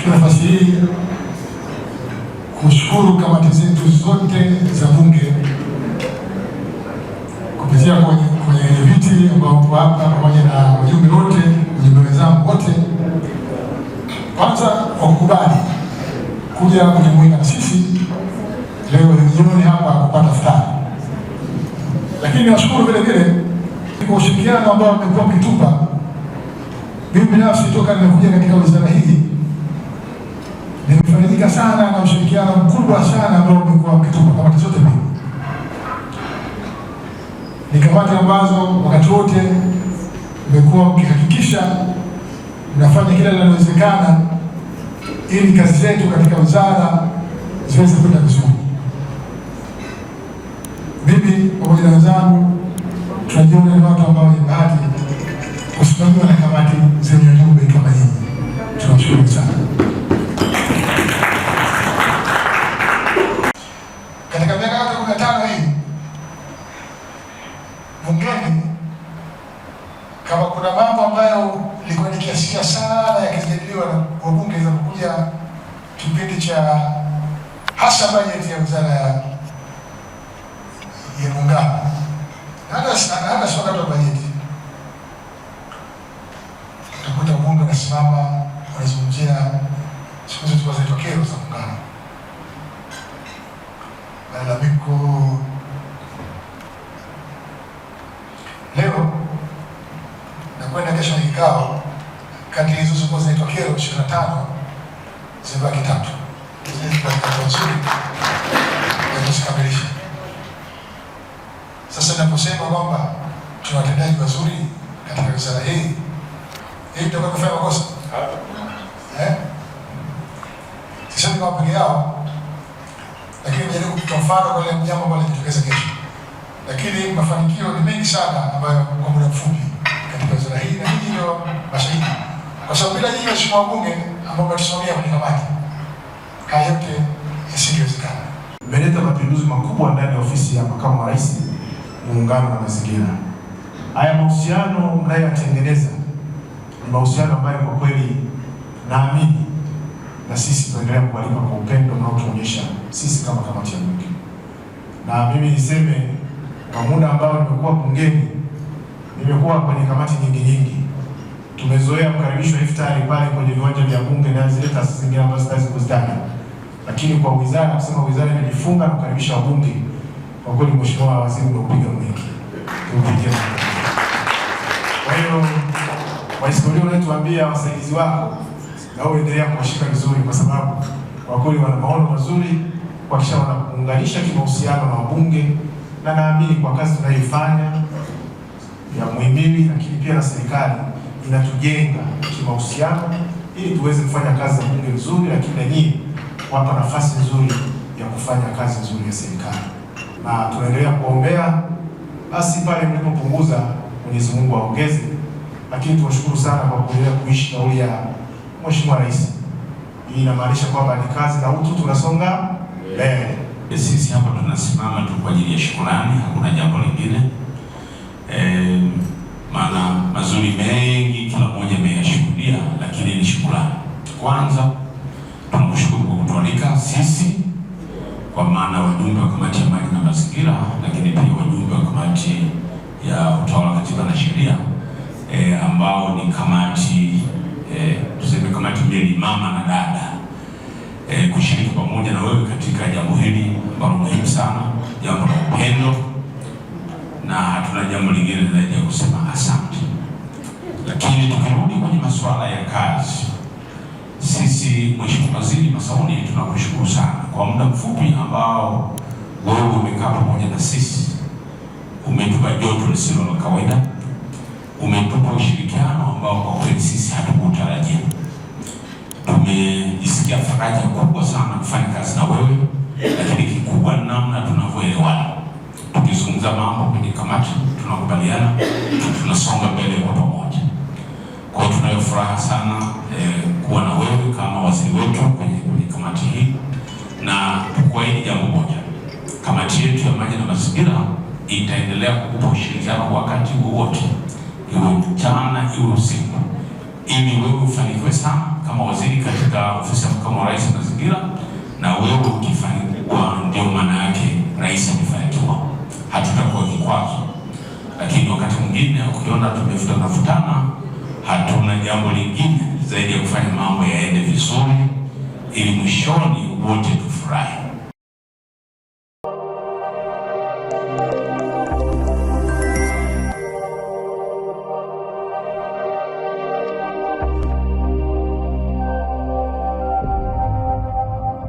Nichukue nafasi hii kushukuru kamati zetu zote za Bunge kupitia kwenye kwenye viti ambao wapo hapa pamoja na wajumbe wote, wajumbe wenzangu wote, kwanza kwa kukubali kuja kujumuika na sisi leo jioni hapa kupata futari, lakini niwashukuru vile vile kwa ushirikiano ambao mmekuwa mkitupa. Mimi binafsi toka nimekuja katika wizara hii sana na ushirikiano mkubwa sana ambao umekuwa ukitupa kamati zote mbili. Ni kamati ambazo wakati wote mmekuwa mkihakikisha mnafanya kila linalowezekana ili kazi zetu katika wizara ziweze kwenda vizuri. Mimi pamoja na wenzangu tunajiona ni watu ambao ni bahati kusimamiwa na kamati zenye wajumbe kama hii. Tunashukuru sana. kuhakikisha hasa bajeti ya wizara ya ya Muungano, hata swala la bajeti tutakuta bunge nasimama wanazungumzia siku zote kwa zitokeo za Muungano, malalamiko. Leo na kwenda kesho na kikao kati hizo zipo zinaitwa kero ishirini na tano zimebaki tatu azuri ya kuzikamilisha. Sasa ninaposema kwamba tuna watendaji wazuri katika wizara hii, hii tutakuwa kufanya makosa eh, sisemi kwa peke yao, lakini jaribu kutoa mfano kwa ile mjambo ambayo inajitokeza kesho. Lakini mafanikio ni mengi sana ambayo kwa muda mfupi katika wizara hii, na hii ndio mashahidi, kwa sababu bila nyinyi waheshimiwa wabunge ambao mnatusimamia kwenye kamati hayote yasingewezekana. Mmeleta mapinduzi makubwa ndani ya ofisi ya makamu wa rais, muungano na mazingira. Haya mahusiano mnayoyatengeneza ni mahusiano ambayo kwa kweli naamini na sisi tunaendelea kubalika kwa upendo mnaotuonyesha sisi kama kamati ya Bunge, na mimi niseme kwa muda ambao nimekuwa bungeni, nimekuwa kwenye kamati nyingi nyingi tumezoea kukaribishwa iftari pale kwenye viwanja vya Bunge na zile taasisi zingine ambazo sitawezi kuzitaja, lakini kwa wizara kusema wizara imejifunga na kukaribisha wabunge, kwa kweli mheshimiwa waziri unapiga mwingi tuupigie. Kwa hiyo waistoria unatuambia wasaidizi wako na wewe endelea kuwashika vizuri, kwa sababu kwa kweli wana maono mazuri kuhakikisha wanaunganisha kimahusiano na wabunge, na naamini kwa kazi tunayoifanya ya muhimili, lakini pia na serikali inatujenga kimahusiano ili tuweze kufanya kazi za bunge nzuri, lakini na nyinyi wapa nafasi nzuri ya kufanya kazi nzuri ya serikali, na tunaendelea kuombea basi pale mlipopunguza, Mwenyezi Mungu aongeze. Lakini tunashukuru sana kwa kuendelea kuishi kauli ya Mheshimiwa Rais. Hii inamaanisha kwamba ni kazi na utu, tunasonga mbele. Sisi hapa tunasimama tu kwa ajili ya shukrani, hakuna jambo lingine. Kwanza tunakushukuru kwa kutualika sisi kwa maana wajumbe wa kamati ya maji na mazingira, lakini pia wajumbe wa kamati ya utawala, katiba na sheria e, ambao ni kamati e, tuseme kamati mbili, mama na dada e, kushiriki pamoja na wewe katika jambo hili ambalo muhimu sana, jambo la upendo, na hatuna jambo lingine zaidi ya kusema asante. Lakini tukirudi kwenye masuala ya kazi sisi Mheshimiwa Waziri Masauni, tunakushukuru sana kwa muda mfupi ambao wewe umekaa pamoja na sisi, umetupa joto lisilo la kawaida, umetupa ushirikiano ambao kwa kweli sisi hatukutarajia. Tumejisikia faraja kubwa sana kufanya kazi na wewe, lakini kikubwa namna tunavyoelewana. Tukizungumza mambo kwenye kamati tunakubaliana, tunasonga mbele kwa pamoja. Kwa hiyo tunayo furaha sana eh, kuwa na kuweka waziri wetu kwenye kamati hii, na tukuahidi jambo moja, kamati yetu ya maji na mazingira itaendelea kukupa ushirikiano wakati wowote, iwe mchana iwe usiku, ili wewe ufanikiwe sana kama waziri katika ofisi ya makamu wa rais mazingira, na wewe ukifanikiwa, ndio maana yake rais amefanikiwa. Hatutakuwa kikwazo, lakini wakati mwingine ukiona tumevuta navutana, hatuna jambo lingine zaidi ya kufanya mambo yaende vizuri, ili mwishoni wote tufurahi.